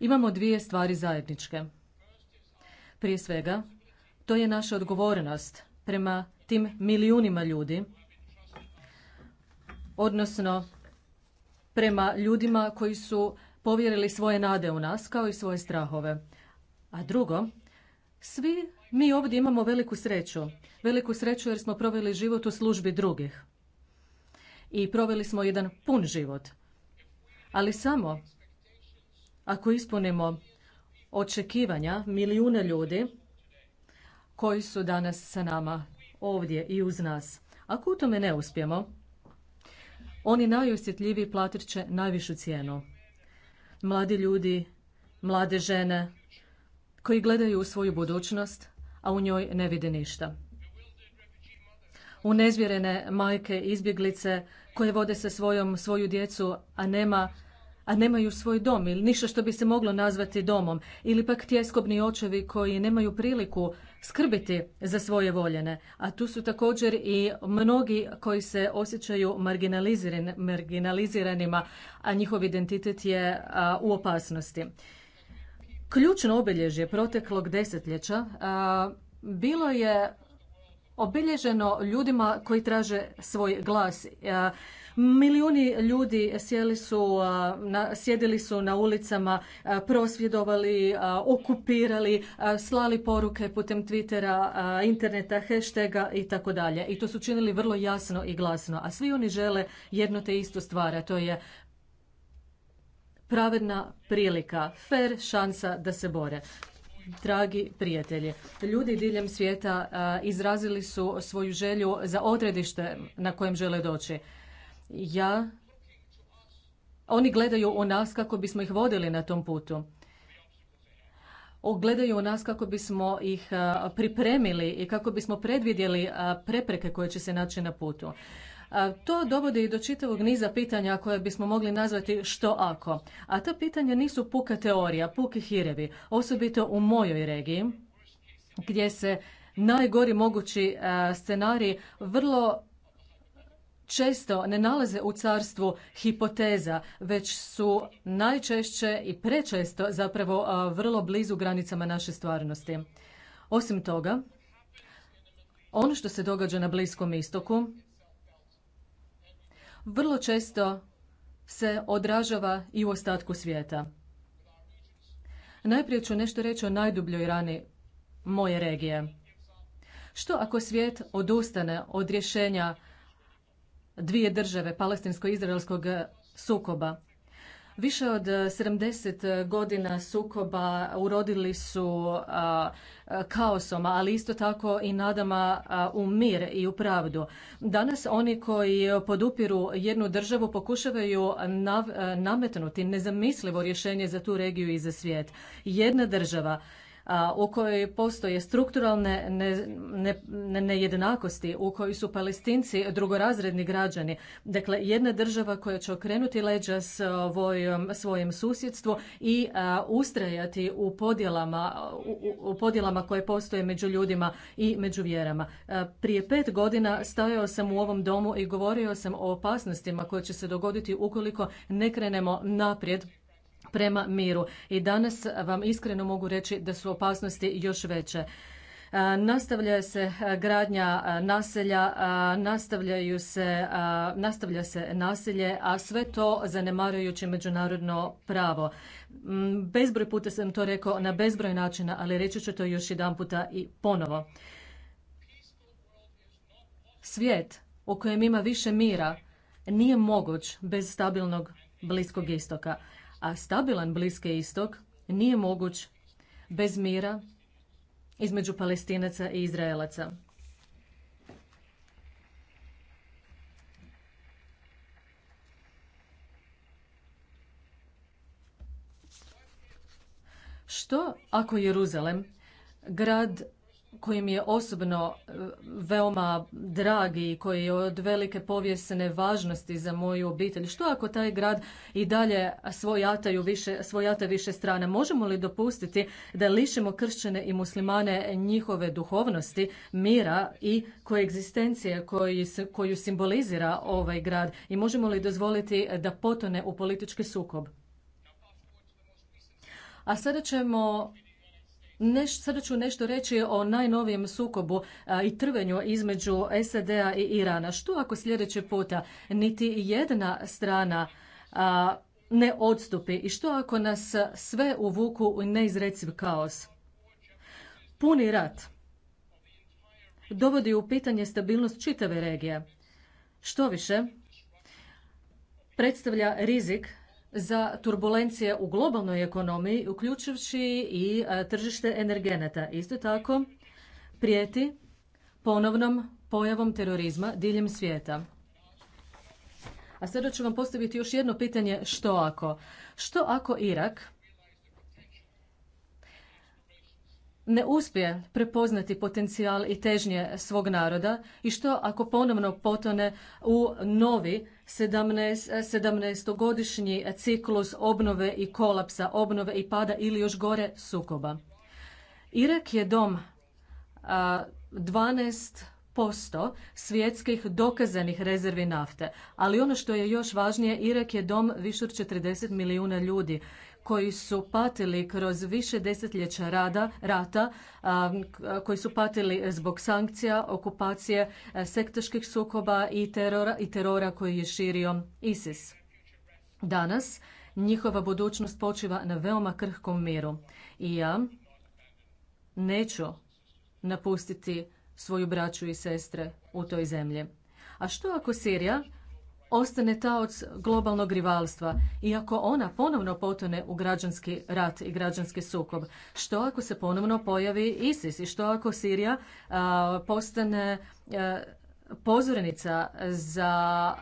imamo dvije stvari zajedničke. Prije svega, to je naša odgovornost prema tim milijunima ljudi, odnosno prema ljudima koji su povjerili svoje nade u nas kao i svoje strahove. A drugo, svi mi ovdje imamo veliku sreću. Veliku sreću jer smo proveli život u službi drugih. I proveli smo jedan pun život. Ali samo ako ispunimo očekivanja milijune ljudi koji su danas sa nama ovdje i uz nas. Ako u tome ne uspijemo, oni najosjetljiviji platit će najvišu cijenu. Mladi ljudi, mlade žene, koji gledaju u svoju budućnost, a u njoj ne vide ništa. Unezvjerene majke, izbjeglice, koje vode sa svojom svoju djecu, a nema a nemaju svoj dom ili ništa što bi se moglo nazvati domom ili pak tjeskobni očevi koji nemaju priliku skrbiti za svoje voljene. A tu su također i mnogi koji se osjećaju marginaliziranima, a njihov identitet je u opasnosti. Ključno obilježje proteklog desetljeća bilo je obilježeno ljudima koji traže svoj glas. Milijuni ljudi sjeli su, na, sjedili su na ulicama, prosvjedovali, okupirali, slali poruke putem Twittera, interneta, hashtaga i tako dalje. I to su činili vrlo jasno i glasno. A svi oni žele jedno te isto stvar, a to je pravedna prilika, fair šansa da se bore. Dragi prijatelji, ljudi diljem svijeta izrazili su svoju želju za odredište na kojem žele doći ja oni gledaju u nas kako bismo ih vodili na tom putu. Gledaju u nas kako bismo ih pripremili i kako bismo predvidjeli prepreke koje će se naći na putu. To dovodi i do čitavog niza pitanja koje bismo mogli nazvati što ako. A ta pitanja nisu puka teorija, puki hirevi, osobito u mojoj regiji, gdje se najgori mogući scenarij vrlo često ne nalaze u carstvu hipoteza, već su najčešće i prečesto zapravo vrlo blizu granicama naše stvarnosti. Osim toga, ono što se događa na Bliskom istoku vrlo često se odražava i u ostatku svijeta. Najprije ću nešto reći o najdubljoj rani moje regije. Što ako svijet odustane od rješenja dvije države, palestinsko-izraelskog eh, sukoba. Više od 70 eh, eh, godina sukoba urodili su kaosom, ali isto tako i nadama u mir i u pravdu. Danas oni koji podupiru jednu državu pokušavaju nametnuti nezamislivo rješenje za tu regiju i za svijet. Jedna država, u kojoj postoje strukturalne nejednakosti, u kojoj su palestinci drugorazredni građani. Dakle, jedna država koja će okrenuti leđa svojom, svojem susjedstvu i ustrajati u podjelama, u, podjelama koje postoje među ljudima i među vjerama. prije pet godina stajao sam u ovom domu i govorio sam o opasnostima koje će se dogoditi ukoliko ne krenemo naprijed prema miru. I danas vam iskreno mogu reći da su opasnosti još veće. Nastavlja se gradnja naselja, nastavljaju se, nastavlja se nasilje, a sve to zanemarujući međunarodno pravo. Mm, bezbroj puta sam to rekao na bezbroj načina, ali reći ću to još jedan puta i ponovo. Svijet u kojem ima više mira nije moguć bez stabilnog Bliskog istoka a stabilan Bliski istok nije moguć bez mira između palestinaca i izraelaca. Što ako Jeruzalem, grad koji mi je osobno e, veoma dragi i koji je od velike povijesne važnosti za moju obitelj. Što ako taj grad i dalje svojataju više, svojata više strana? Možemo li dopustiti da lišimo kršćane i muslimane njihove duhovnosti, mira i koegzistencije koji, koju simbolizira ovaj grad? I možemo li dozvoliti da potone u politički sukob? A sada ćemo Neš, sada ću nešto reći o najnovijem sukobu i trvenju između SAD-a i Irana. Što ako sljedeće puta niti jedna strana ne odstupi i što ako nas sve uvuku u neizreciv kaos? Puni rat dovodi u pitanje stabilnost čitave regije. Što više, predstavlja rizik za turbulencije u globalnoj ekonomiji, uključujući i e, tržište energeneta. Isto tako, prijeti ponovnom pojavom terorizma diljem svijeta. A sada ću vam postaviti još jedno pitanje, što ako? Što ako Irak ne uspije prepoznati potencijal i težnje svog naroda i što ako ponovno potone u novi sedamnaestogodišnji e, ciklus obnove i kolapsa, obnove i pada ili još gore sukoba. Irak je dom e, dvanaest 12 posto svjetskih dokazanih rezervi nafte. Ali ono što je još važnije, Irak je dom više od 40 milijuna ljudi koji su patili kroz više desetljeća rada, rata, koji su patili zbog sankcija, okupacije, e, sektaških sukoba i terora, i terora koji je širio ISIS. Danas njihova budućnost počiva na veoma krhkom miru i ja neću napustiti svoju braću i sestre u toj zemlji. A što ako Sirija ostane taoc globalnog rivalstva i ako ona ponovno potone u građanski rat i građanski sukob? Što ako se ponovno pojavi ISIS i što ako Sirija postane pozornica za,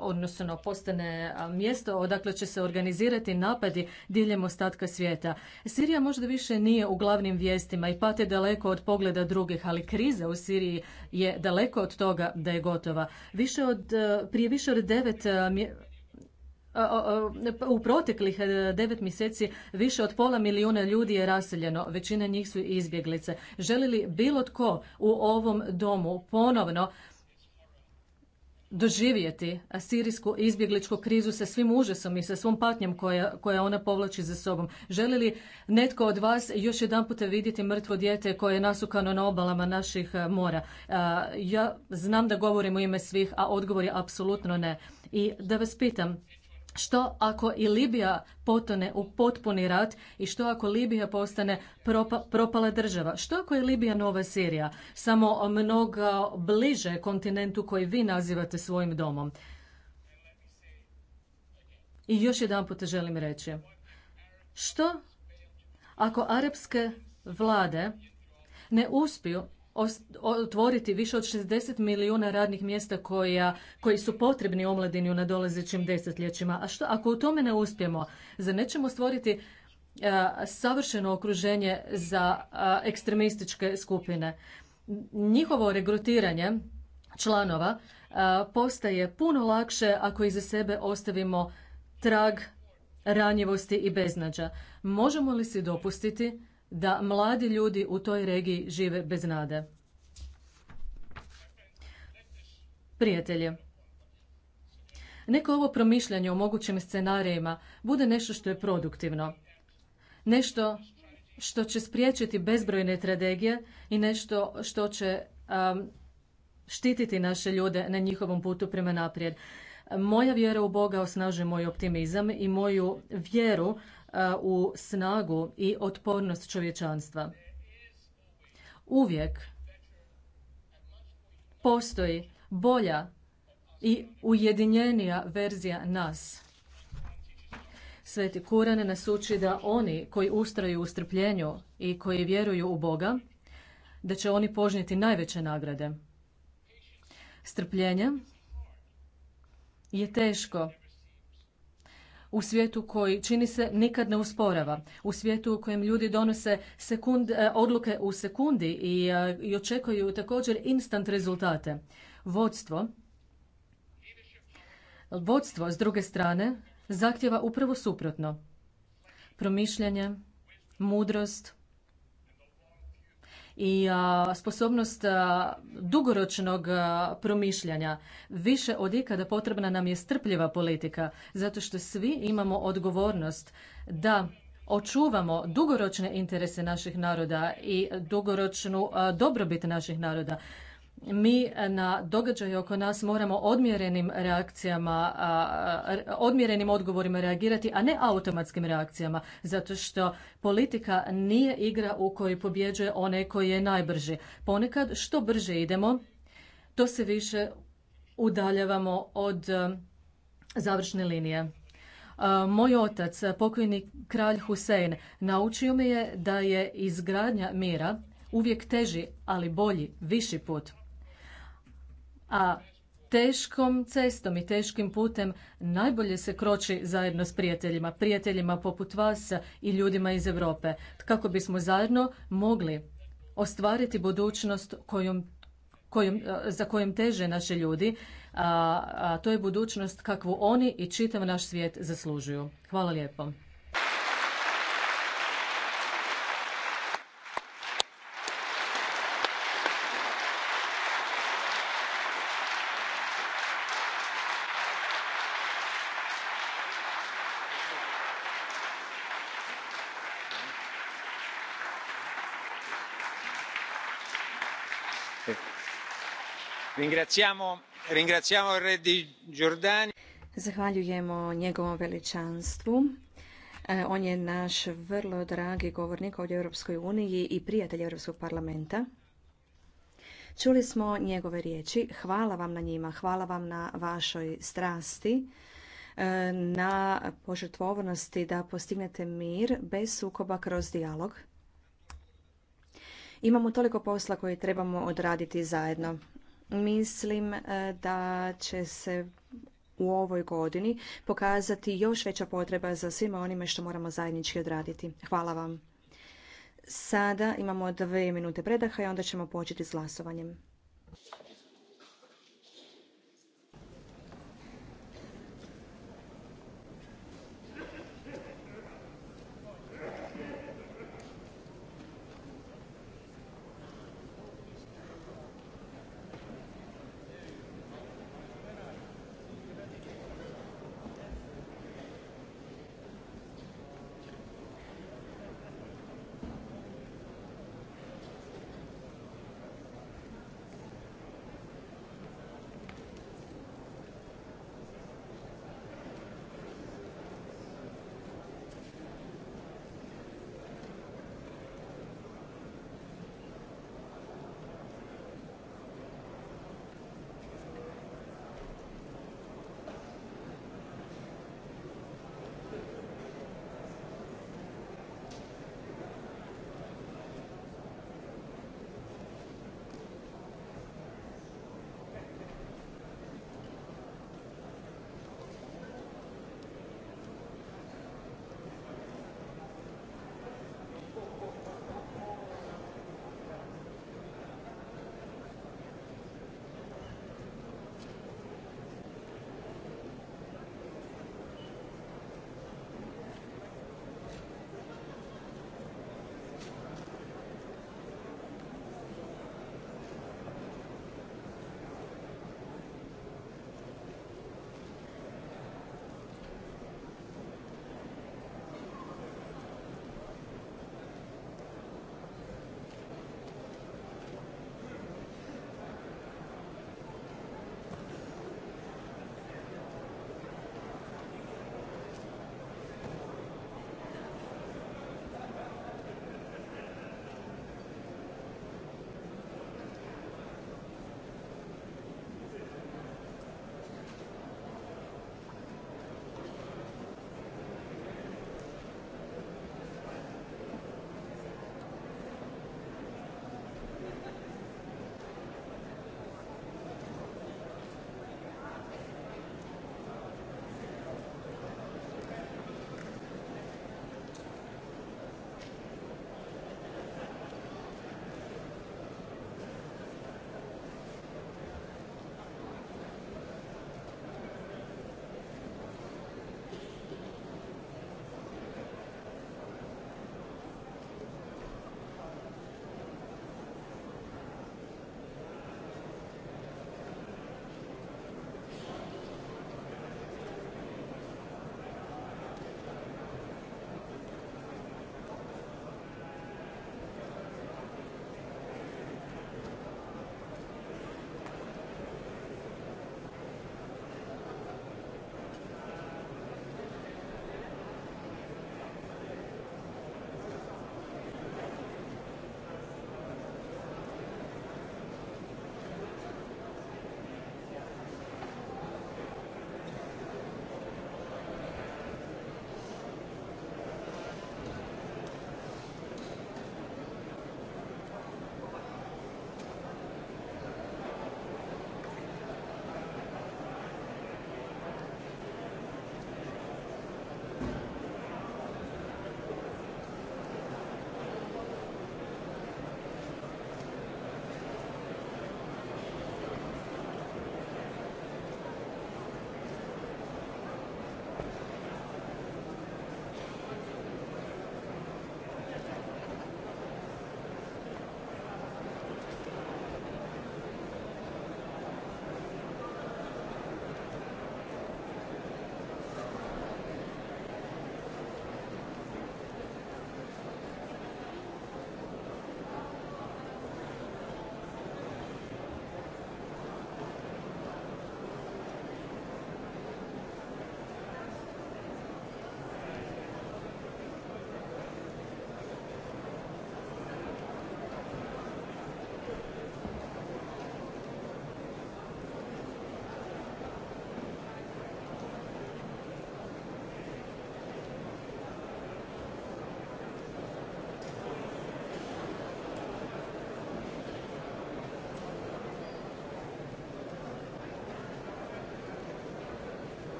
odnosno postane mjesto odakle će se organizirati napadi diljem ostatka svijeta. Sirija možda više nije u glavnim vijestima i pate daleko od pogleda drugih, ali kriza u Siriji je daleko od toga da je gotova. Više od, prije više od devet pa u proteklih e, devet mjeseci više od pola milijuna ljudi je raseljeno, većina njih su izbjeglice. Želi li bilo tko u ovom domu ponovno doživjeti sirijsku izbjegličku krizu sa svim užasom i sa svom patnjom koja, koja ona povlači za sobom. Želi li netko od vas još jedan puta vidjeti mrtvo dijete koje je nasukano na obalama naših e, mora? Ja znam da govorim u ime svih, a odgovor je apsolutno ne. I da vas pitam, što ako i Libija potone u potpuni rat i što ako Libija postane propala država? Što ako je Libija nova Sirija, samo mnogo bliže kontinentu koji vi nazivate svojim domom? I još jedan put želim reći. Što ako arapske vlade ne uspiju otvoriti više od 60 milijuna radnih mjesta koja, koji su potrebni omladini u nadolazećim desetljećima. A što ako u tome ne uspijemo, za nećemo stvoriti e, savršeno okruženje za ekstremističke skupine? Njihovo regrutiranje članova postaje puno lakše ako iza sebe ostavimo trag ranjivosti i beznađa. Možemo li si dopustiti da mladi ljudi u toj regiji žive bez nade. Prijatelji, neko ovo promišljanje o mogućim scenarijima bude nešto što je produktivno. Nešto što će spriječiti bezbrojne tragedije i nešto što će štititi naše ljude na njihovom putu prema naprijed. Moja vjera u Boga osnažuje moj optimizam i moju vjeru u snagu i otpornost čovječanstva. Uvijek postoji bolja i ujedinjenija verzija nas. Sveti Kuran nas uči da oni koji ustraju u strpljenju i koji vjeruju u Boga, da će oni požnjeti najveće nagrade. Strpljenje je teško u svijetu koji čini se nikad ne usporava, u svijetu u kojem ljudi donose sekund, e, odluke u sekundi i, e, i očekuju također instant rezultate. Vodstvo, vodstvo s druge strane zahtjeva upravo suprotno. Promišljanje, mudrost, i sposobnost dugoročnog promišljanja. Više od ikada potrebna nam je strpljiva politika, zato što svi imamo odgovornost da očuvamo dugoročne interese naših naroda i dugoročnu dobrobit naših naroda mi eh, na događaje oko nas moramo odmjerenim reakcijama, odmjerenim odgovorima reagirati, a ne automatskim reakcijama, zato što politika nije igra u kojoj pobjeđuje onaj koji je najbrži. Ponekad što brže idemo, to se više udaljavamo od eh, završne linije. Eh, moj otac, pokojni kralj Husein, naučio me je da je izgradnja mira uvijek teži, ali bolji, viši put a teškom cestom i teškim putem najbolje se kroči zajedno s prijateljima, prijateljima poput vas i ljudima iz Europe, kako bismo zajedno mogli ostvariti budućnost kojom, kojom, e, za kojom teže naše ljudi, a to je budućnost kakvu oni i čitav naš svijet zaslužuju. Hvala lijepo. Zahvaljujemo njegovom veličanstvu. E, on je naš vrlo dragi govornik ovdje u Europskoj uniji i prijatelj Europskog parlamenta. Čuli smo njegove riječi. Hvala vam na njima, hvala vam na vašoj strasti, e, na požrtvovnosti da postignete mir bez sukoba kroz dijalog. Imamo toliko posla koje trebamo odraditi zajedno mislim e, da će se u ovoj godini pokazati još veća potreba za svima onime što moramo zajednički odraditi. Hvala vam. Sada imamo dve minute predaha i onda ćemo početi s glasovanjem.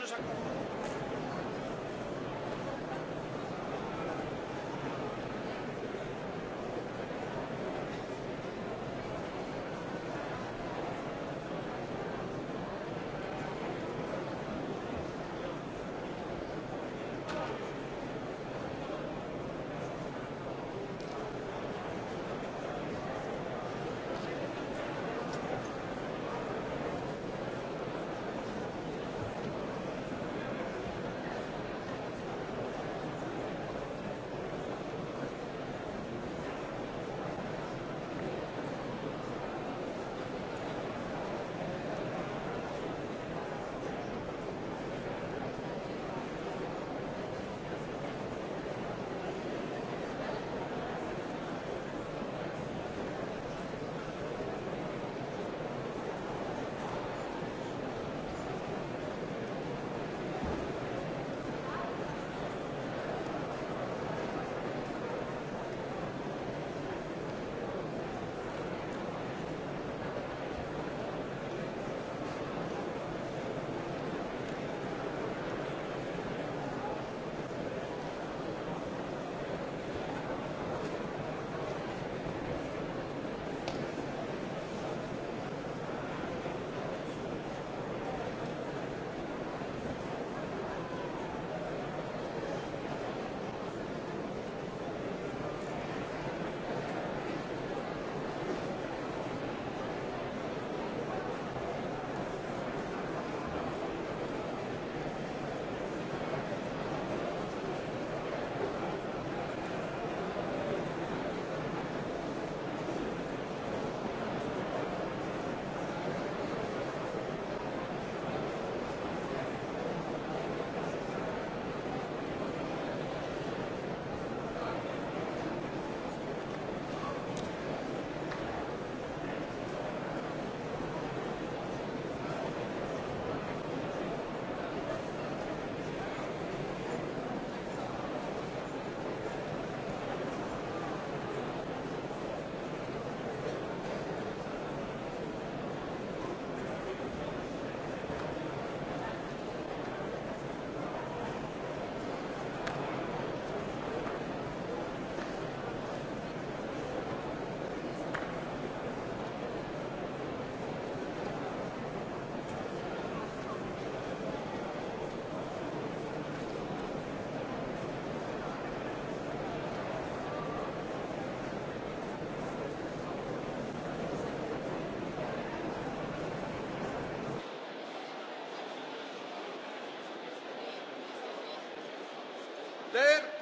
que nos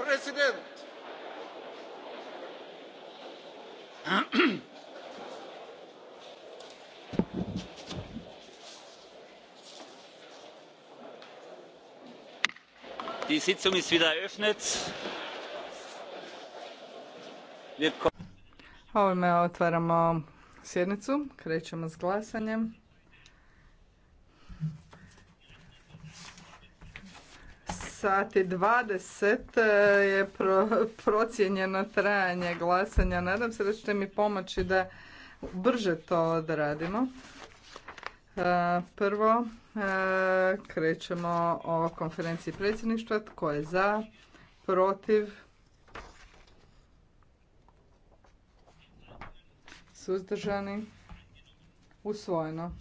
President. Die Sitzung ist wieder eröffnet. Ovime otvaramo sjednicu. Krećemo s glasanjem. sati 20 e, je procijenjeno trajanje glasanja. Nadam se da ćete mi pomoći da brže to odradimo. E, prvo e, krećemo o konferenciji predsjedništva. Tko je za? Protiv? Suzdržani? Usvojeno.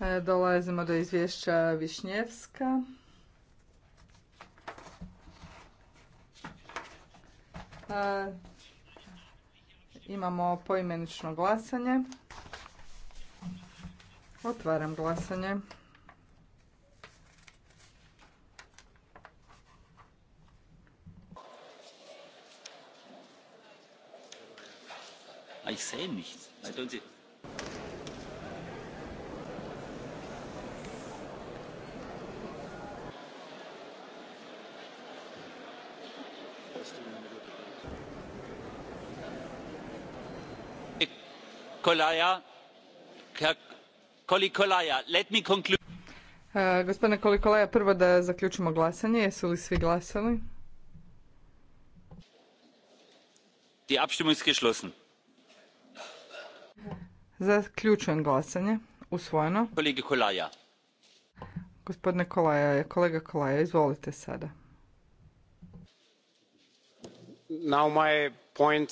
E, dolazimo do izvješća Višnjevska. E, imamo poimenično glasanje. Otvaram glasanje. Ich sehe nichts. I E, gospodine Kolikolaja, prvo da zaključimo glasanje. Jesu li svi glasali? Die Zaključujem glasanje. Usvojeno. Gospodine Kolaja, kolega Kolaja, izvolite sada. Now point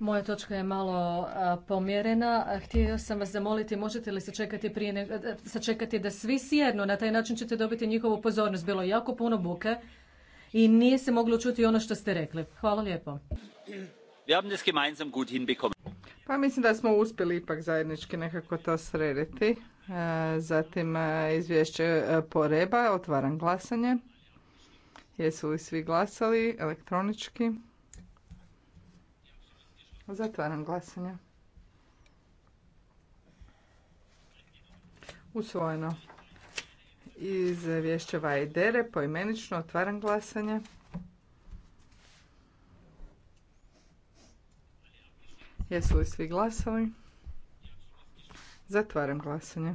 moja točka je malo pomjerena. Htio sam vas zamoliti, možete li sačekati, prije e, sačekati da svi sjednu? Na taj način ćete dobiti njihovu pozornost. Bilo je jako puno buke i nije se moglo čuti ono što ste rekli. Hvala lijepo. Pa mislim da smo uspjeli ipak zajednički nekako to srediti. E, zatim e, izvješće poreba, otvaram glasanje. Jesu li svi glasali elektronički? Zatvaram glasanje. Usvojeno. Iz vješća Vajdere poimenično otvaram glasanje. Jesu li svi glasali? Zatvaram glasanje.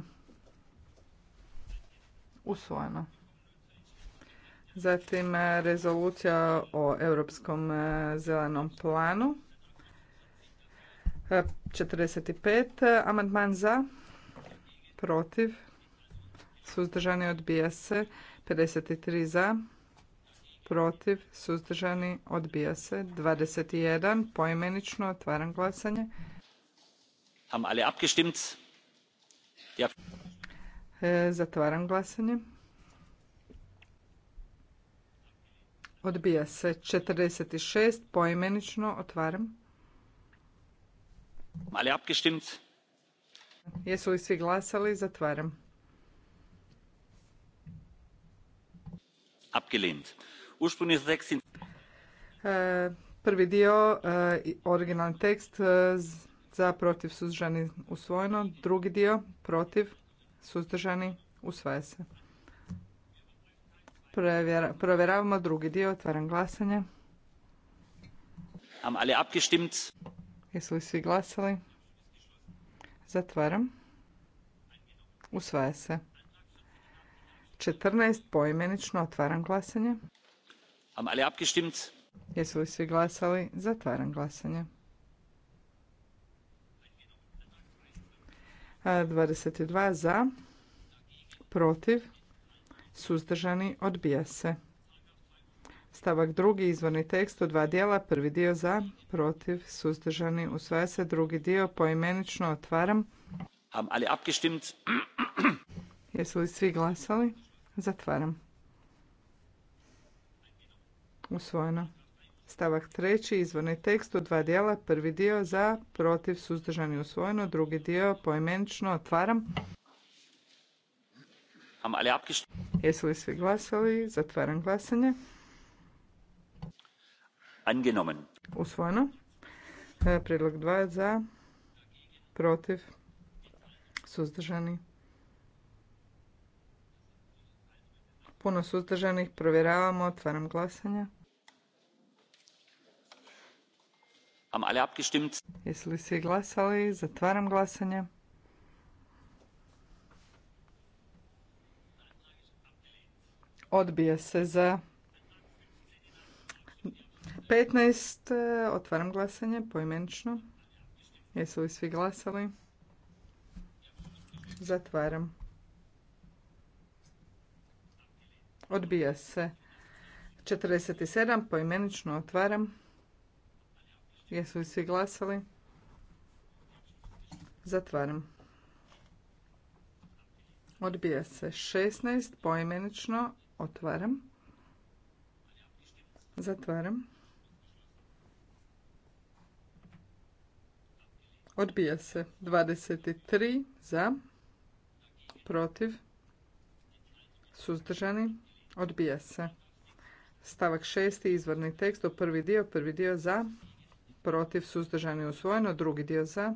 Usvojeno. Zatim rezolucija o Europskom zelenom planu. 45. Amandman za. Protiv. Suzdržani odbija se. 53 za. Protiv. Suzdržani odbija se. 21. Poimenično otvaram glasanje. Haben alle abgestimmt? Ja. E, zatvaram glasanje. Odbija se 46. Poimenično otvaram. Alle abgestimmt? Jesu li svi glasali? Zatvaram. Abgelehnt. Ursprünglich e, prvi dio, e, originalni tekst, e, za protiv suzdržani usvojeno. Drugi dio, protiv suzdržani usvaja se. provjeravamo drugi dio, otvaram glasanje. am ali abgestimmt? Jesu li svi glasali? Zatvaram. Usvaja se. 14 poimenično otvaram glasanje. Haben alle abgestimmt? Jesu li svi glasali? Zatvaram glasanje. 22 za, protiv, suzdržani, odbija se. Stavak drugi, izvorni tekst u dva dijela, prvi dio za, protiv, suzdržani, usvaja se, drugi dio poimenično otvaram. Haben alle abgestimmt? Jesu li svi glasali? Zatvaram. Usvojeno. Stavak treći, izvorni tekst u dva dijela, prvi dio za, protiv, suzdržani, usvojeno, drugi dio poimenično otvaram. Haben alle abgestimmt? Jesu li svi glasali? Zatvaram glasanje. Angenommen. Usvojeno. E, prijedlog 2 za, protiv, suzdržani. Puno suzdržanih, provjeravamo, otvaram glasanje. am alle abgestimmt? Jesu li svi glasali? Zatvaram glasanje. Odbija se za 15. Eh, otvaram glasanje poimenično. Jesu li svi glasali? Zatvaram. Odbija se. 47. Poimenično otvaram. Jesu li svi glasali? Zatvaram. Odbija se. 16. Poimenično otvaram. Zatvaram. Odbija se. 23 za. Protiv. Suzdržani. Odbija se. Stavak 6. Izvorni tekst prvi dio. Prvi dio za. Protiv. Suzdržani. Usvojeno. Drugi dio za.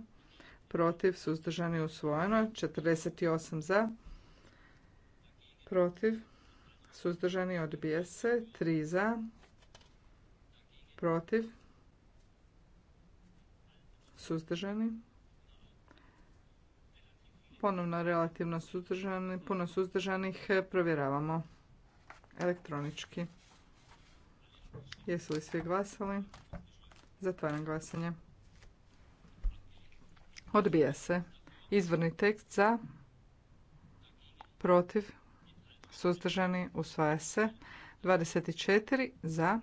Protiv. Suzdržani. Usvojeno. 48 za. Protiv. Suzdržani. Odbija se. 3 za. Protiv suzdržani. Ponovno relativno suzdržani, puno suzdržanih e, provjeravamo elektronički. Jesu li svi glasali? Zatvaram glasanje. Odbija se. Izvorni tekst za, protiv, suzdržani, usvaja se. 24 za,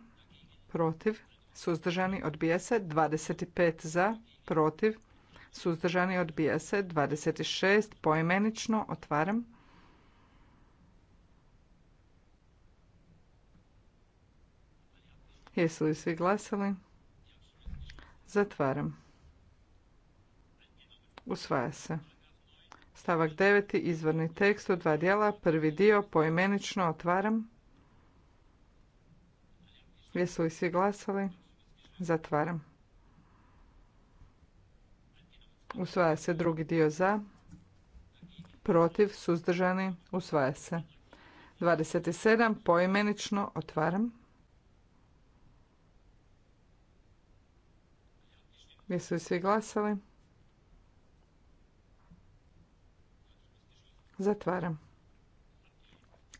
protiv, suzdržani, odbija se. 25 za, protiv, suzdržani odbija se. 26 poimenično otvaram. Jesu li svi glasali? Zatvaram. Usvaja se. Stavak 9. Izvorni tekst u dva dijela. Prvi dio poimenično otvaram. Jesu li svi glasali? Zatvaram. Usvaja se drugi dio za. Protiv, suzdržani, usvaja se. 27 poimenično otvaram. Jesu li svi glasali? Zatvaram.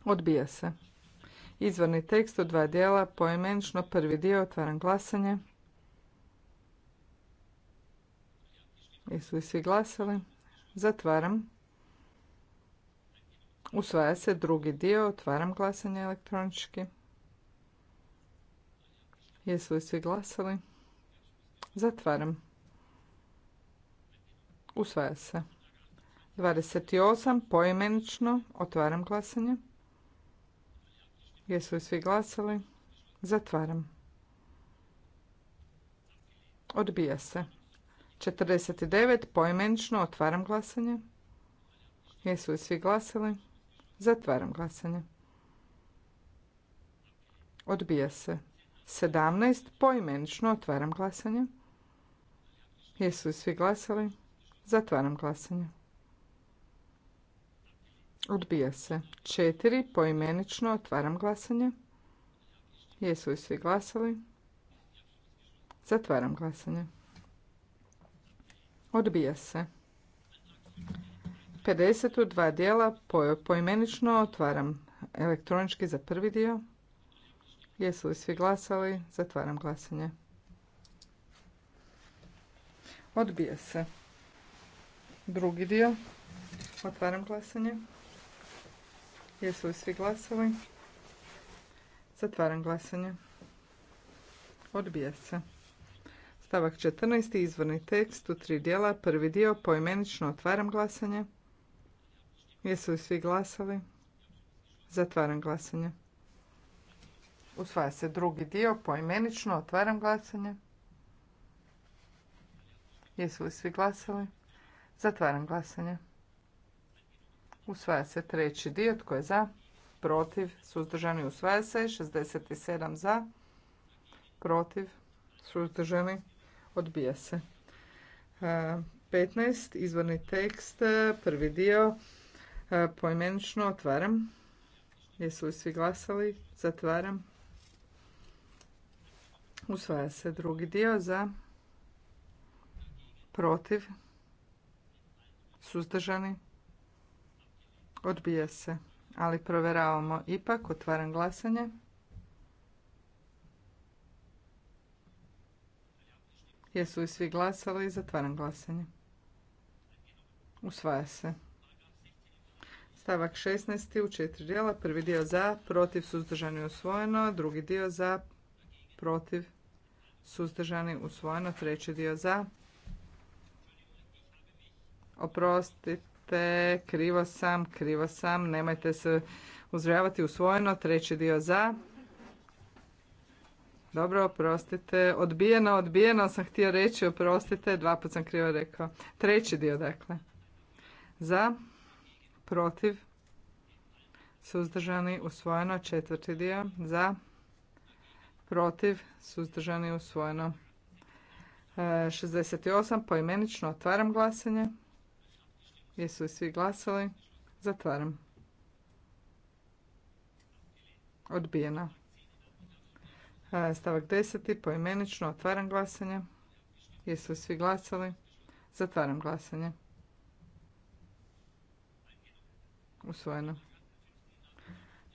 Odbija se. Izvorni tekst u dva dijela poimenično prvi dio otvaram glasanje. Jesu li svi glasali? Zatvaram. Usvaja se drugi dio. Otvaram glasanje elektronički. Jesu li svi glasali? Zatvaram. Usvaja se. 28. Poimenično. Otvaram glasanje. Jesu li svi glasali? Zatvaram. Odbija se. 49 poimenično otvaram glasanje. Jesu li svi glasali? Zatvaram glasanje. Odbija se. 17 poimenično otvaram glasanje. Jesu li svi glasali? Zatvaram glasanje. Odbija se. 4 poimenično otvaram glasanje. Jesu li svi glasali? Zatvaram glasanje. Odbija se. 52 dva dijela poimenično otvaram elektronički za prvi dio. Jesu li svi glasali? Zatvaram glasanje. Odbija se. Drugi dio. Otvaram glasanje. Jesu li svi glasali? Zatvaram glasanje. Odbija se. Stavak 14. Izvorni tekst u tri dijela. Prvi dio poimenično otvaram glasanje. Jesu li svi glasali? Zatvaram glasanje. Usvaja se drugi dio poimenično otvaram glasanje. Jesu li svi glasali? Zatvaram glasanje. Usvaja se treći dio. Tko je za? Protiv. Suzdržani usvaja se. 67 za. Protiv. Suzdržani odbija se. 15. E, izvorni tekst, e, prvi dio, e, poimenično otvaram. Jesu li svi glasali? Zatvaram. Usvaja se drugi dio za protiv suzdržani odbija se ali provjeravamo ipak otvaram glasanje Jesu li svi glasali? Zatvaram glasanje. Usvaja se. Stavak 16. u četiri dijela. Prvi dio za, protiv, suzdržani, usvojeno. Drugi dio za, protiv, suzdržani, usvojeno. Treći dio za. Oprostite, krivo sam, krivo sam. Nemojte se uzrojavati, usvojeno. Treći dio za, dobro, oprostite. Odbijeno, odbijeno sam htio reći, oprostite, dva put sam krivo rekao. Treći dio, dakle. Za, protiv, suzdržani, usvojeno. Četvrti dio, za, protiv, suzdržani, usvojeno. 68, e, poimenično, otvaram glasanje. Jesu li svi glasali? Zatvaram. Odbijeno. Stavak 10. Poimenično otvaram glasanje. Jesu svi glasali? Zatvaram glasanje. Usvojeno.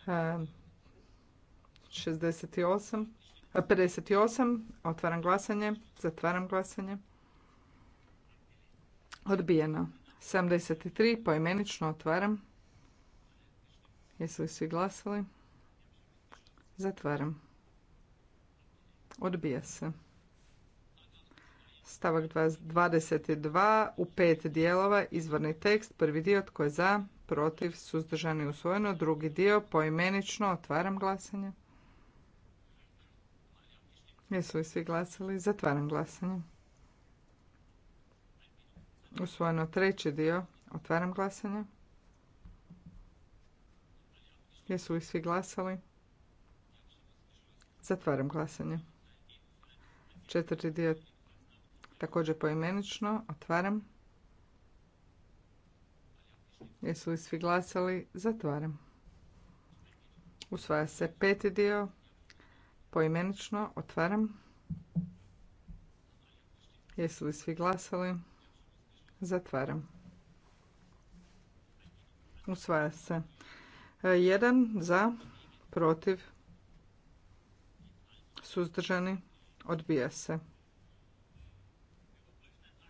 68. 58. Otvaram glasanje. Zatvaram glasanje. Odbijeno. 73. Poimenično otvaram. Jesu li svi glasali? Zatvaram. Odbija se. Stavak 22 u pet dijelova, izvorni tekst, prvi dio tko je za, protiv, suzdržani usvojeno, drugi dio poimenično, otvaram glasanje. Jesu li svi glasali? Zatvaram glasanje. Usvojeno treći dio, otvaram glasanje. Jesu li svi glasali? Zatvaram glasanje. Četvrti dio također poimenično. Otvaram. Jesu li svi glasali? Zatvaram. Usvaja se peti dio. Poimenično. Otvaram. Jesu li svi glasali? Zatvaram. Usvaja se. Jedan za, protiv, suzdržani. Odbija se.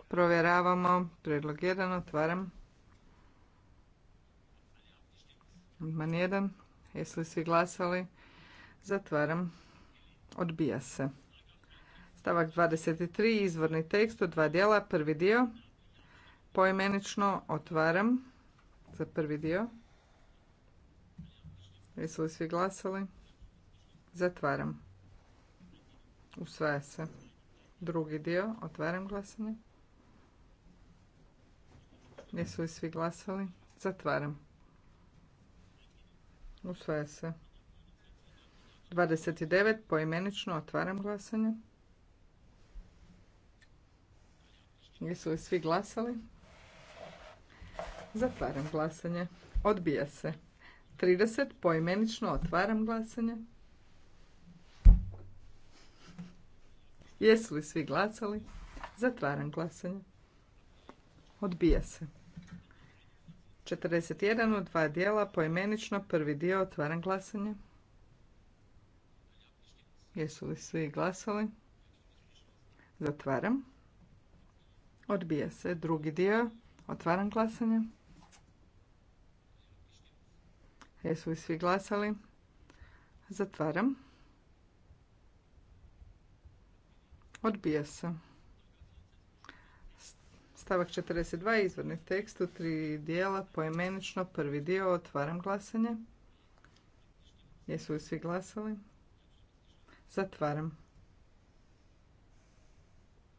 Provjeravamo. Predlog 1. Otvaram. Odman 1. Jesu li svi glasali? Zatvaram. Odbija se. Stavak 23. Izvorni tekst u dva dijela. Prvi dio. Poimenično otvaram za prvi dio. Jesu li svi glasali? Zatvaram. Usvaja se. Drugi dio. Otvaram glasanje. nisu li svi glasali? Zatvaram. Usvaja se. 29. Poimenično otvaram glasanje. nisu li svi glasali? Zatvaram glasanje. Odbija se. 30. Poimenično otvaram glasanje. Jesu li svi glasali? Zatvaram glasanje. Odbija se. 41 od dva dijela poimenično prvi dio otvaram glasanje. Jesu li svi glasali? Zatvaram. Odbija se drugi dio. Otvaram glasanje. Jesu li svi glasali? Zatvaram. Odbija se. Stavak 42. Izvorni tekst u tri dijela poimenično. Prvi dio. Otvaram glasanje. Jesu li svi glasali? Zatvaram.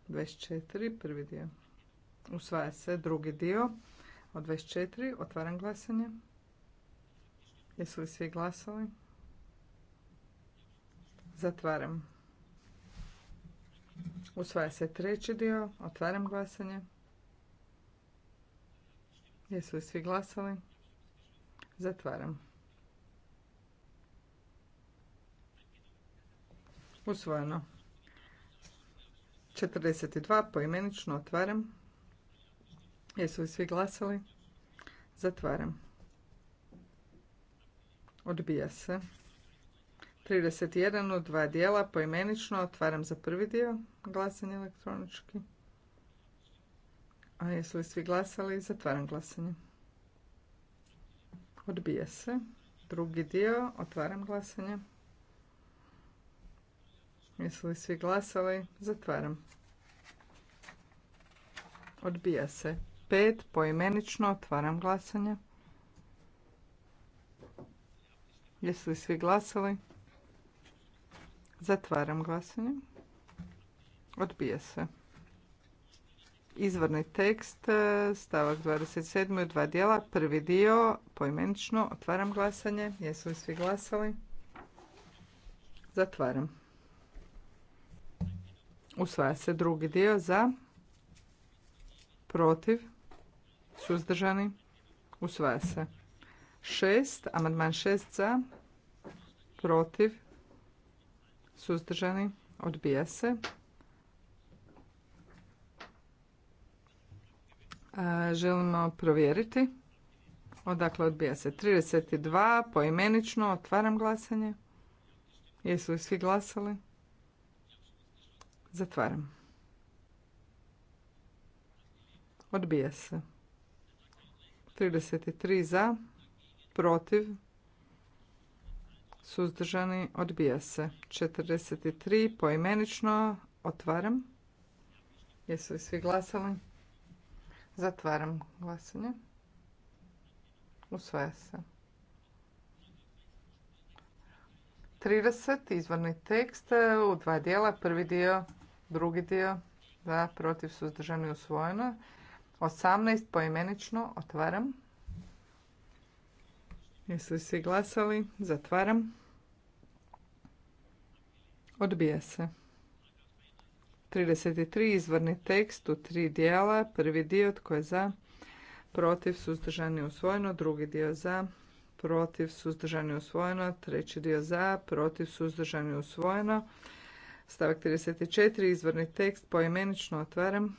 24. Prvi dio. Usvaja se drugi dio. Od 24. Otvaram glasanje. Jesu li svi glasali? Zatvaram. Usvaja se treći dio. Otvaram glasanje. Jesu li svi glasali? Zatvaram. Usvojeno. 42 poimenično otvaram. Jesu li svi glasali? Zatvaram. Odbija se. 31 u dva dijela poimenično. Otvaram za prvi dio glasanje elektronički. A jesu li svi glasali? Zatvaram glasanje. Odbija se. Drugi dio. Otvaram glasanje. Jesu li svi glasali? Zatvaram. Odbija se. pet, Poimenično. Otvaram glasanje. Jesu li svi glasali? Zatvaram glasanje. Odbija se. Izvorni tekst, e, stavak 27. u dva dijela. Prvi dio, poimenično, otvaram glasanje. Jesu li svi glasali? Zatvaram. Usvaja se drugi dio za, protiv, suzdržani, usvaja se. Šest, amandman šest za, protiv, suzdržani, odbija se. Želimo provjeriti. Odakle odbija se 32, poimenično, otvaram glasanje. Jesu li svi glasali? Zatvaram. Odbija se. 33 za, protiv, suzdržani, odbija se. 43 poimenično, otvaram. Jesu li svi glasali? Zatvaram glasanje. Usvaja se. 30, izvorni tekst e, u dva dijela, prvi dio, drugi dio, za, protiv, suzdržani, usvojeno. 18, poimenično, otvaram. Jesu li svi glasali? Zatvaram. Odbija se. 33. Izvorni tekst u tri dijela. Prvi dio tko je za, protiv, suzdržani, usvojeno. Drugi dio za, protiv, suzdržani, usvojeno. Treći dio za, protiv, suzdržani, usvojeno. Stavak 34. Izvorni tekst poimenično otvaram.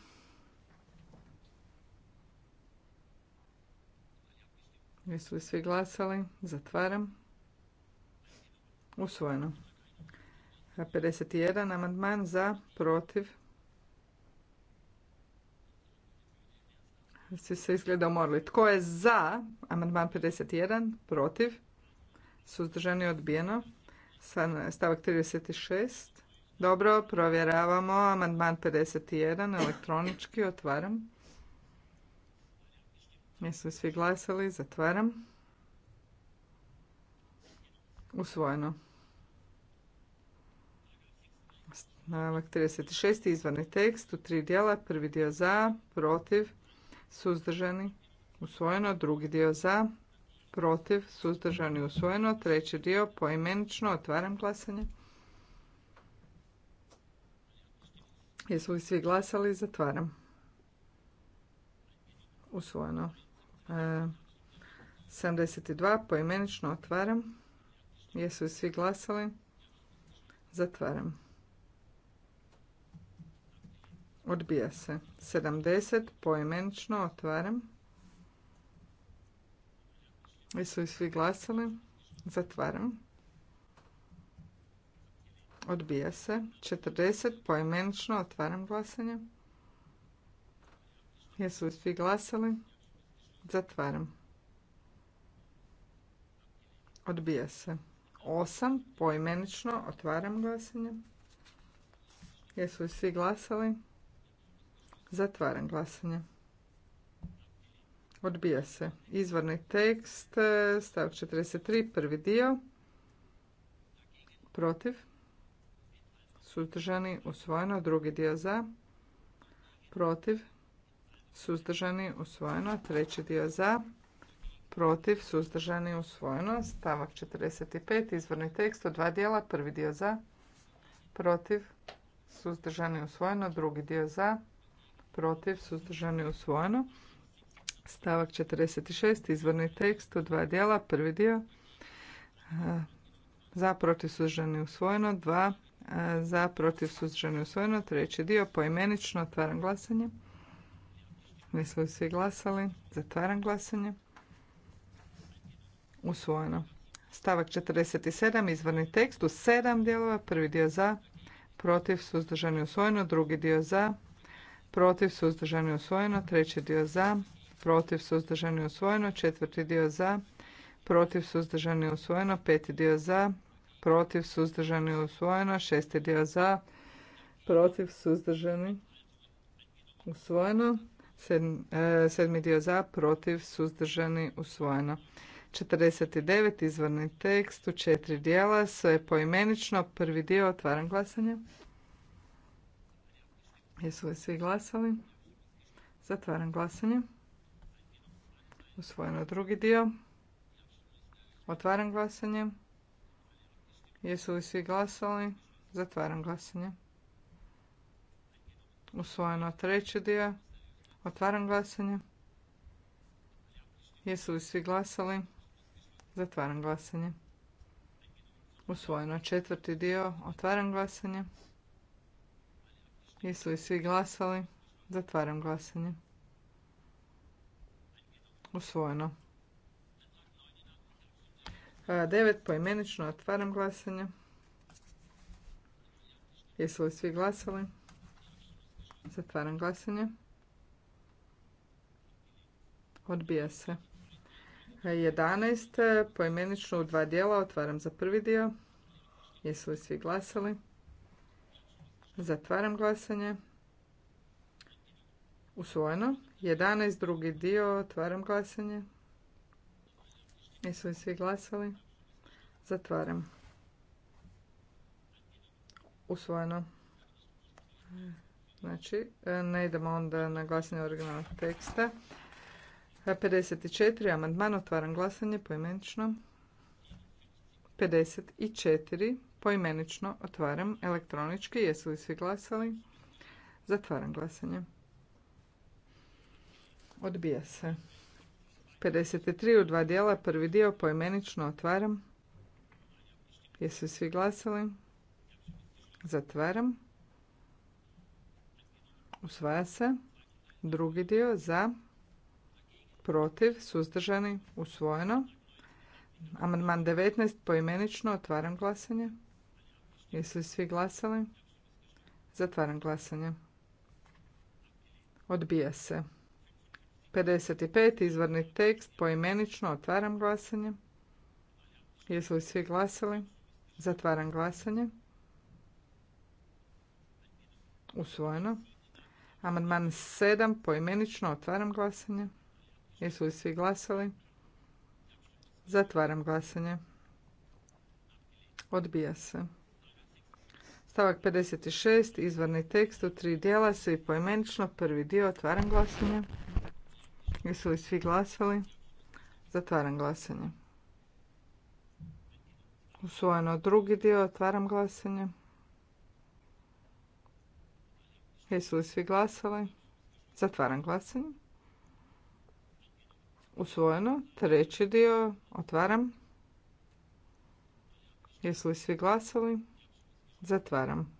Jesu li svi glasali? Zatvaram. Usvojeno. 51. Amandman za, protiv. Svi se izgleda umorili. Tko je za? Amandman 51. Protiv. Suzdržani odbijeno. Stavak 36. Dobro, provjeravamo. Amandman 51. Elektronički otvaram. Jesu svi glasali? Zatvaram. Usvojeno. Navak 36. izvani tekst u tri dijela. Prvi dio za, protiv, suzdržani, usvojeno. Drugi dio za, protiv, suzdržani, usvojeno. Treći dio poimenično. Otvaram glasanje. Jesu li svi glasali? Zatvaram. Usvojeno. 72 poimenično otvaram. Jesu li svi glasali? Zatvaram. Odbija se. 70 poimenično otvaram. Jesu li svi glasali? Zatvaram. Odbija se. 40 poimenično otvaram glasanje. Jesu li svi glasali? Zatvaram. Odbija se. 8 poimenično otvaram glasanje. Jesu li svi glasali? Zatvaram glasanje. Odbija se. Izvorni tekst, e, Stav 43, prvi dio. Protiv. Suzdržani, usvojeno. Drugi dio za. Protiv suzdržani, usvojeno. Treći dio za, protiv, suzdržani, usvojeno. Stavak 45, izvorni tekst od dva dijela. Prvi dio za, protiv, suzdržani, usvojeno. Drugi dio za, protiv, suzdržani, usvojeno. Stavak 46, izvorni tekst od dva dijela. Prvi dio za, protiv, suzdržani, usvojeno. Dva za, protiv, suzdržani, usvojeno. Treći dio poimenično otvaram glasanje. Nisu li svi glasali? Zatvaram glasanje. Usvojeno. Stavak 47. Izvorni tekst u sedam dijelova. Prvi dio za, protiv, suzdržani, usvojeno. Drugi dio za, protiv, suzdržani, usvojeno. Treći dio za, protiv, suzdržani, usvojeno. Četvrti dio za, protiv, suzdržani, usvojeno. Peti dio za, protiv, suzdržani, usvojeno. Šesti dio za, protiv, suzdržani, usvojeno. E, sedmi dio za, protiv, suzdržani, usvojeno. 49. izvorni tekst u četiri dijela, sve poimenično. Prvi dio, otvaram glasanje. Jesu li svi glasali? Zatvaram glasanje. Usvojeno drugi dio. Otvaram glasanje. Jesu li svi glasali? Zatvaram glasanje. Usvojeno treći dio. Otvaram glasanje. Jesu li svi glasali? Zatvaram glasanje. Usvojeno četvrti dio. Otvaram glasanje. Jesu li svi glasali? Zatvaram glasanje. Usvojeno. Devet poimenično otvaram glasanje. Jesu li svi glasali? Zatvaram glasanje. Odbija se. 11. Poimenično u dva dijela. Otvaram za prvi dio. Jesu li svi glasali? Zatvaram glasanje. Usvojeno. 11. Drugi dio. Otvaram glasanje. Jesu li svi glasali? Zatvaram. Usvojeno. Znači, e, ne idemo onda na glasanje originalnog teksta. 54. Amandman otvaram glasanje poimenično. 54. Poimenično otvaram elektronički. Jesu li svi glasali? Zatvaram glasanje. Odbija se. 53 u dva dijela. Prvi dio poimenično otvaram. Jesu li svi glasali? Zatvaram. Usvaja se. Drugi dio za protiv, suzdržani, usvojeno. Amandman 19 poimenično, otvaram glasanje. Jesu li svi glasali? Zatvaram glasanje. Odbija se. 55. Izvorni tekst, poimenično, otvaram glasanje. Jesu li svi glasali? Zatvaram glasanje. Usvojeno. Amandman 7. Poimenično, otvaram glasanje. Jesu li svi glasali? Zatvaram glasanje. Odbija se. Stavak 56. Izvorni tekst u tri dijela. Svi poimenično. Prvi dio. Otvaram glasanje. Jesu li svi glasali? Zatvaram glasanje. Usvojeno drugi dio. Otvaram glasanje. Jesu li svi glasali? Zatvaram glasanje. Usvojeno. Treći dio. Otvaram. Jesu li svi glasali? Zatvaram.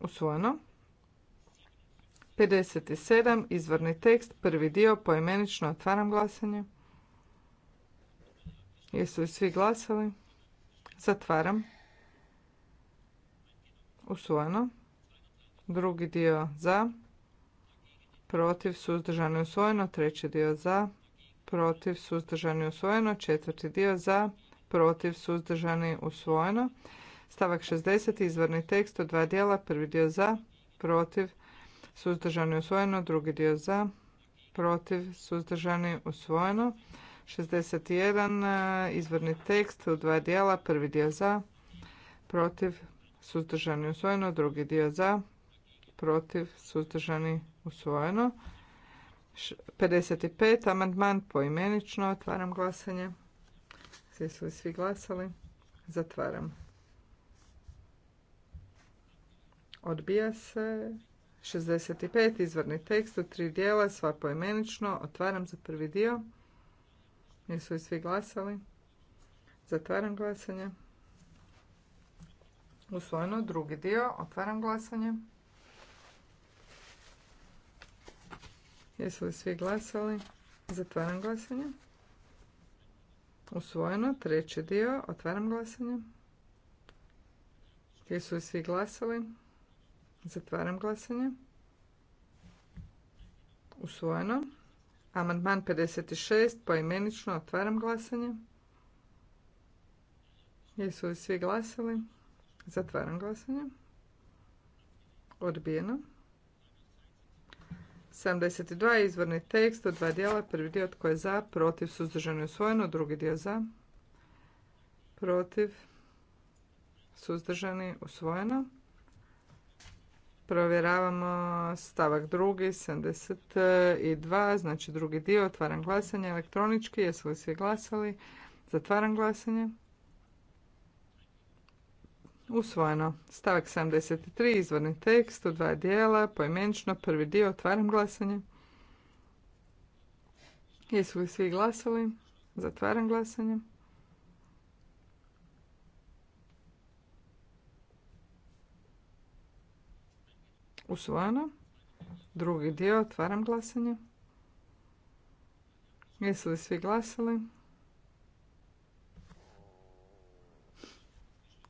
Usvojeno. 57. Izvorni tekst. Prvi dio. Poimenično otvaram glasanje. Jesu li svi glasali? Zatvaram. Usvojeno. Drugi dio za protiv, suzdržani, usvojeno, treći dio za, protiv, suzdržani, usvojeno, četvrti dio za, protiv, suzdržani, usvojeno. Stavak 60. Izvorni tekst od dva dijela. Prvi dio za, protiv, suzdržani, usvojeno. Drugi dio za, protiv, suzdržani, usvojeno. 61. Izvorni tekst u dva dijela. Prvi dio za, protiv, suzdržani, usvojeno. Drugi dio za, protiv, suzdržani, usvojeno. 55. Amandman poimenično. Otvaram glasanje. Svi su li svi glasali? Zatvaram. Odbija se. 65. Izvorni tekst u tri dijela. Sva poimenično. Otvaram za prvi dio. Nisu li svi glasali? Zatvaram glasanje. Usvojeno drugi dio. Otvaram glasanje. Jesu li svi glasali? Zatvaram glasanje. Usvojeno. Treći dio. Otvaram glasanje. Jesu li svi glasali? Zatvaram glasanje. Usvojeno. Amandman 56. Poimenično. Otvaram glasanje. Jesu li svi glasali? Zatvaram glasanje. Odbijeno. 72. Izvorni tekst od dva dijela. Prvi dio tko je za, protiv, suzdržano usvojeno. Drugi dio za, protiv, suzdržani, usvojeno. Provjeravamo stavak drugi, 72, znači drugi dio, otvaram glasanje elektronički, jesu li svi glasali? Zatvaram glasanje. Usvojeno. Stavak 73. Izvorni tekst u dva dijela. Poimenično prvi dio. Otvaram glasanje. Jesu li svi glasali? Zatvaram glasanje. Usvojeno. Drugi dio. Otvaram glasanje. Jesu li svi glasali?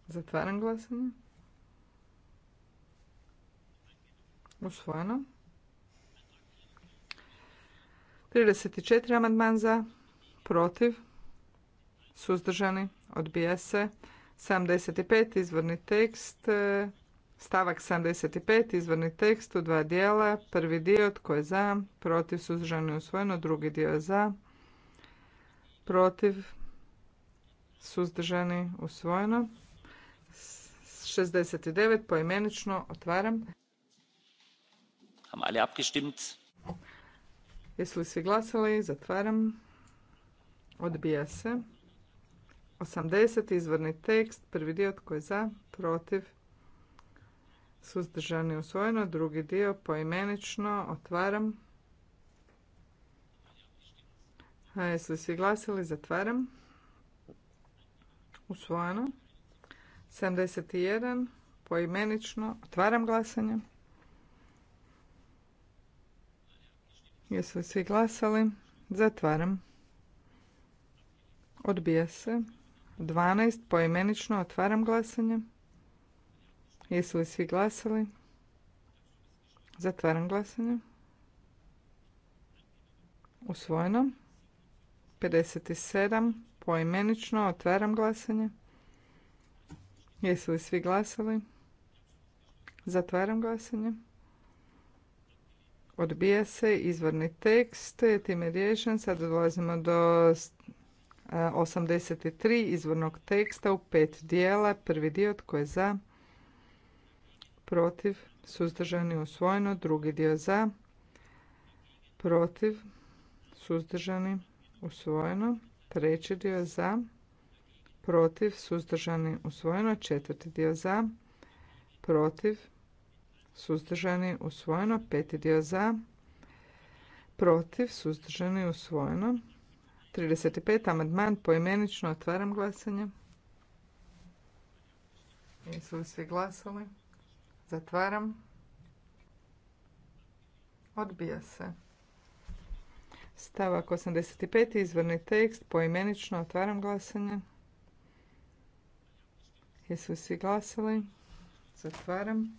Zatvaram glasanje. Usvojeno. 34 amandman za, protiv, suzdržani, odbija se. 75 izvorni tekst, e, stavak 75 izvorni tekst u dva dijela. Prvi dio tko je za, protiv, suzdržani, usvojeno. Drugi dio je za, protiv, suzdržani, usvojeno. 69 poimenično otvaram. Haben abgestimmt? Jesu li svi glasali? Zatvaram. Odbija se. 80. izvorni tekst. Prvi dio tko je za, protiv, suzdržani usvojeno. Drugi dio poimenično. Otvaram. jesu li svi glasali? Zatvaram. Usvojeno. 71 poimenično. Otvaram glasanje. Jesu li svi glasali? Zatvaram. Odbija se. 12 poimenično. Otvaram glasanje. Jesu li svi glasali? Zatvaram glasanje. Usvojeno. 57 poimenično. Otvaram glasanje. Jesu li svi glasali? Zatvaram glasanje. Odbija se izvorni tekst, time je riješen. Sad dolazimo do 83 izvornog teksta u pet dijela. Prvi dio tko je za, protiv, suzdržani, usvojeno. Drugi dio za, protiv, suzdržani, usvojeno. Treći dio za, protiv, suzdržani, usvojeno. Četvrti dio za, protiv, suzdržani, usvojeno. Peti dio za, protiv, suzdržani, usvojeno. 35. amandman poimenično otvaram glasanje. Nisu li svi glasali? Zatvaram. Odbija se. Stavak 85. izvorni tekst poimenično otvaram glasanje. Jesu svi glasali? Zatvaram.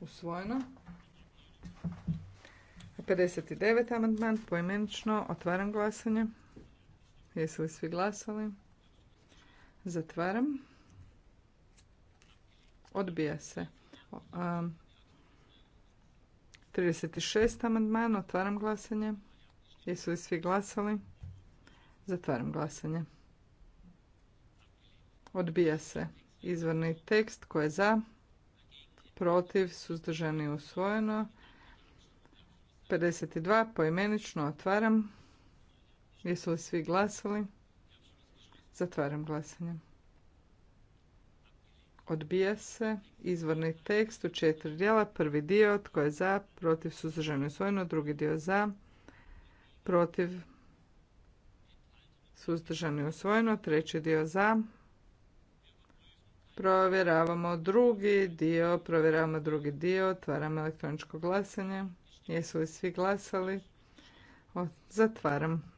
Usvojeno. 59. amandman poimenično. Otvaram glasanje. Jesu li svi glasali? Zatvaram. Odbija se. 36. amandman. Otvaram glasanje. Jesu li svi glasali? Zatvaram glasanje. Odbija se. Izvorni tekst koji je za, protiv, suzdržani, usvojeno. 52 poimenično otvaram. Jesu li svi glasali? Zatvaram glasanje. Odbija se izvorni tekst u četiri dijela. Prvi dio tko je za, protiv, suzdržani, usvojeno. Drugi dio za, protiv, suzdržani, usvojeno. Treći dio za, Provjeravamo drugi dio, provjeravamo drugi dio, otvaram elektroničko glasanje. Jesu li svi glasali? zatvaram.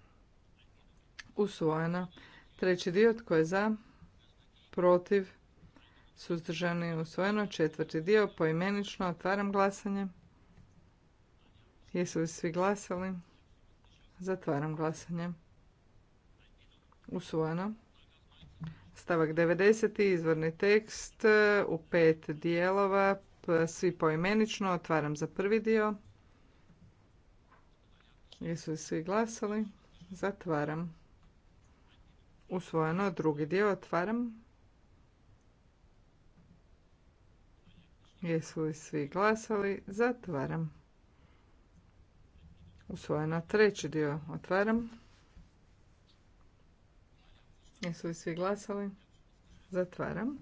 Usvojeno. Treći dio, tko je za? Protiv? Suzdržani usvojeno. Četvrti dio, poimenično, otvaram glasanje. Jesu li svi glasali? Zatvaram glasanje. Usvojeno. Stavak 90. izvorni tekst e, u pet dijelova, svi poimenično, otvaram za prvi dio. Jesu li svi glasali? Zatvaram. Usvojeno drugi dio, otvaram. Jesu li svi glasali? Zatvaram. Usvojeno treći dio, otvaram. Jesu li svi glasali? Zatvaram.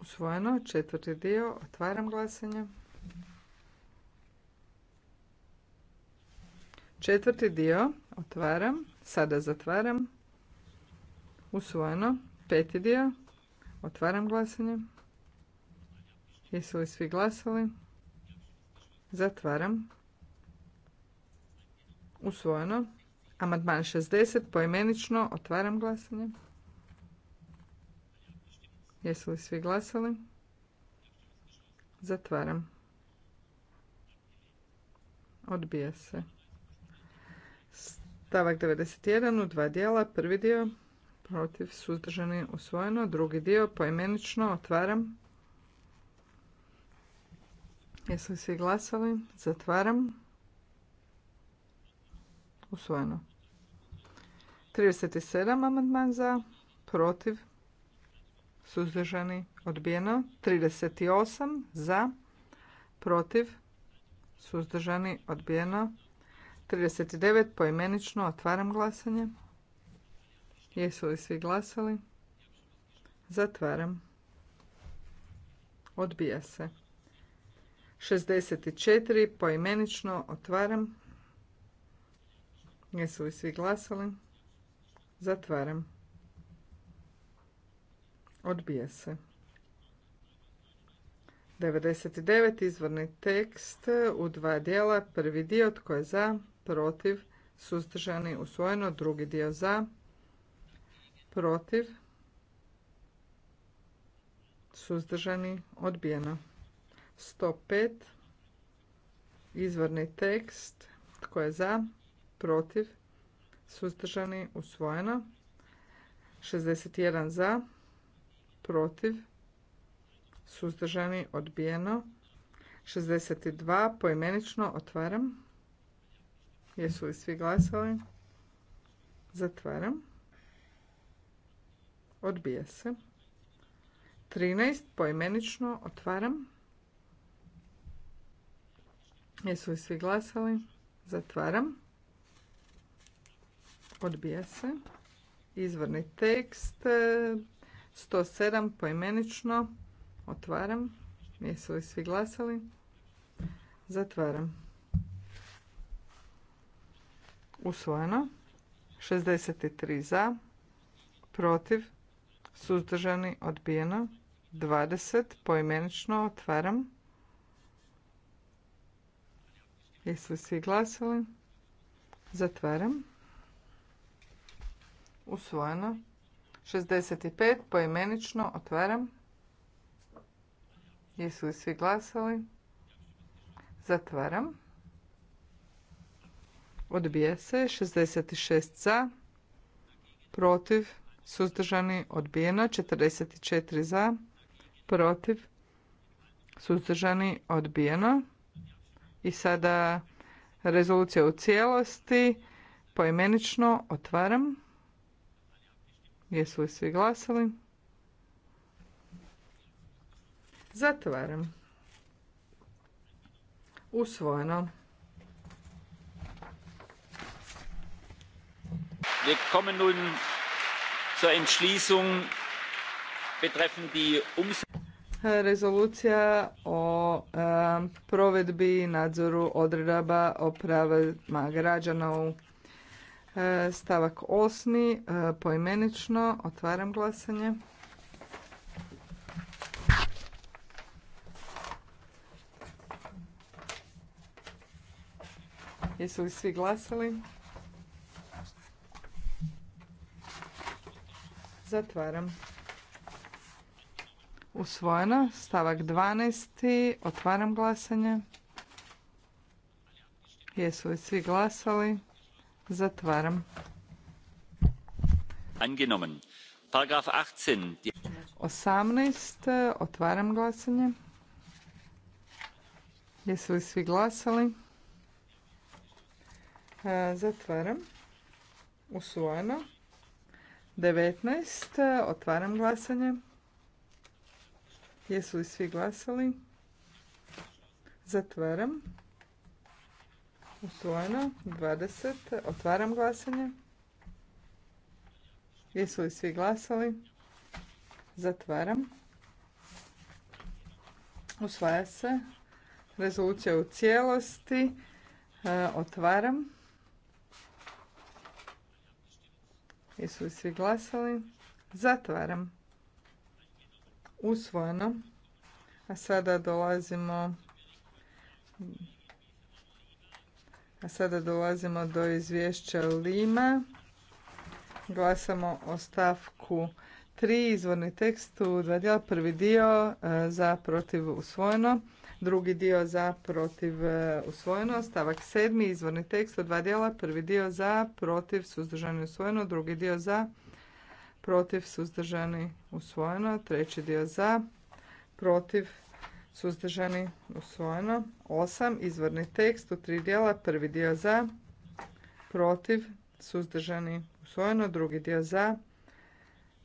Usvojeno. Četvrti dio. Otvaram glasanje. Četvrti dio. Otvaram. Sada zatvaram. Usvojeno. Peti dio. Otvaram glasanje. Jesu li svi glasali? Zatvaram. Usvojeno. Amandman 60 poimenično. Otvaram glasanje. Jesu li svi glasali? Zatvaram. Odbija se. Stavak 91 u dva dijela. Prvi dio protiv suzdržani usvojeno. Drugi dio poimenično. Otvaram. Jesu li svi glasali? Zatvaram. Usvojeno. 37 amandman za, protiv, suzdržani, odbijeno. 38 za, protiv, suzdržani, odbijeno. 39 poimenično, otvaram glasanje. Jesu li svi glasali? Zatvaram. Odbija se. 64 poimenično, otvaram. Jesu li svi glasali? Zatvaram. Odbija se. 99. izvorni tekst u dva dijela. Prvi dio tko je za, protiv, suzdržani, usvojeno. Drugi dio za, protiv, suzdržani, odbijeno. 105. Izvorni tekst tko je za, protiv, suzdržani, usvojeno. 61 za, protiv, suzdržani, odbijeno. 62 poimenično otvaram. Jesu li svi glasali? Zatvaram. odbije se. 13 poimenično otvaram. Jesu li svi glasali? Zatvaram. Odbija se. Izvorni tekst. 107 e, poimenično. Otvaram. Jesu li svi glasali? Zatvaram. Usvojeno. 63 za. Protiv. Suzdržani. Odbijeno. 20 poimenično. Otvaram. Jesu li svi glasali? Zatvaram usvojeno. 65 poimenično otvaram. Jesu li svi glasali? Zatvaram. Odbija se 66 za, protiv, suzdržani, odbijeno 44 za, protiv, suzdržani, odbijeno. I sada rezolucija u cijelosti, poimenično otvaram. Jesu li svi glasali? Zatvaram. Usvojeno. Wir kommen nun zur Entschließung betreffend die Rezolucija o eh, provedbi nadzoru odredaba o pravima građana u E, stavak osmi, e, poimenično, otvaram glasanje. Jesu li svi glasali? Zatvaram. Usvojeno. Stavak 12. Otvaram glasanje. Jesu li svi glasali? Zatvaram. Osamnaest 18. E, otvaram glasanje. Jesu li svi glasali? Zatvaram. Usvojeno. 19. Otvaram glasanje. Jesu li svi glasali? Zatvaram. Usvojeno. 20. Otvaram glasanje. Jesu li svi glasali? Zatvaram. Usvaja se. Rezolucija u cijelosti. E, otvaram. Jesu li svi glasali? Zatvaram. Usvojeno. A sada dolazimo a sada dolazimo do izvješća Lima. Glasamo o stavku 3, izvorni tekst u dva dijela. Prvi dio e, za protiv usvojeno, drugi dio za protiv e, usvojeno, stavak 7, izvorni tekst u dva dijela. Prvi dio za protiv suzdržani usvojeno, drugi dio za protiv suzdržani usvojeno, treći dio za protiv suzdržani, usvojeno. Osam, Izvorni tekst u tri dijela. Prvi dio za, protiv, suzdržani, usvojeno. Drugi dio za,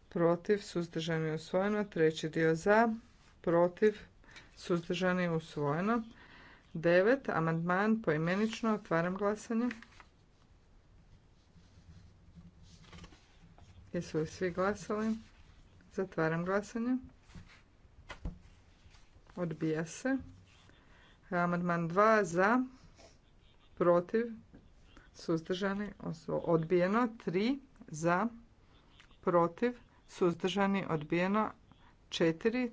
protiv, suzdržani, usvojeno. Treći dio za, protiv, suzdržani, usvojeno. Devet, Amandman poimenično. Otvaram glasanje. Jesu li svi glasali? Zatvaram glasanje. Odbija se. Amandman 2 za, protiv, suzdržani, odbijeno. 3 za, protiv, suzdržani, odbijeno. 4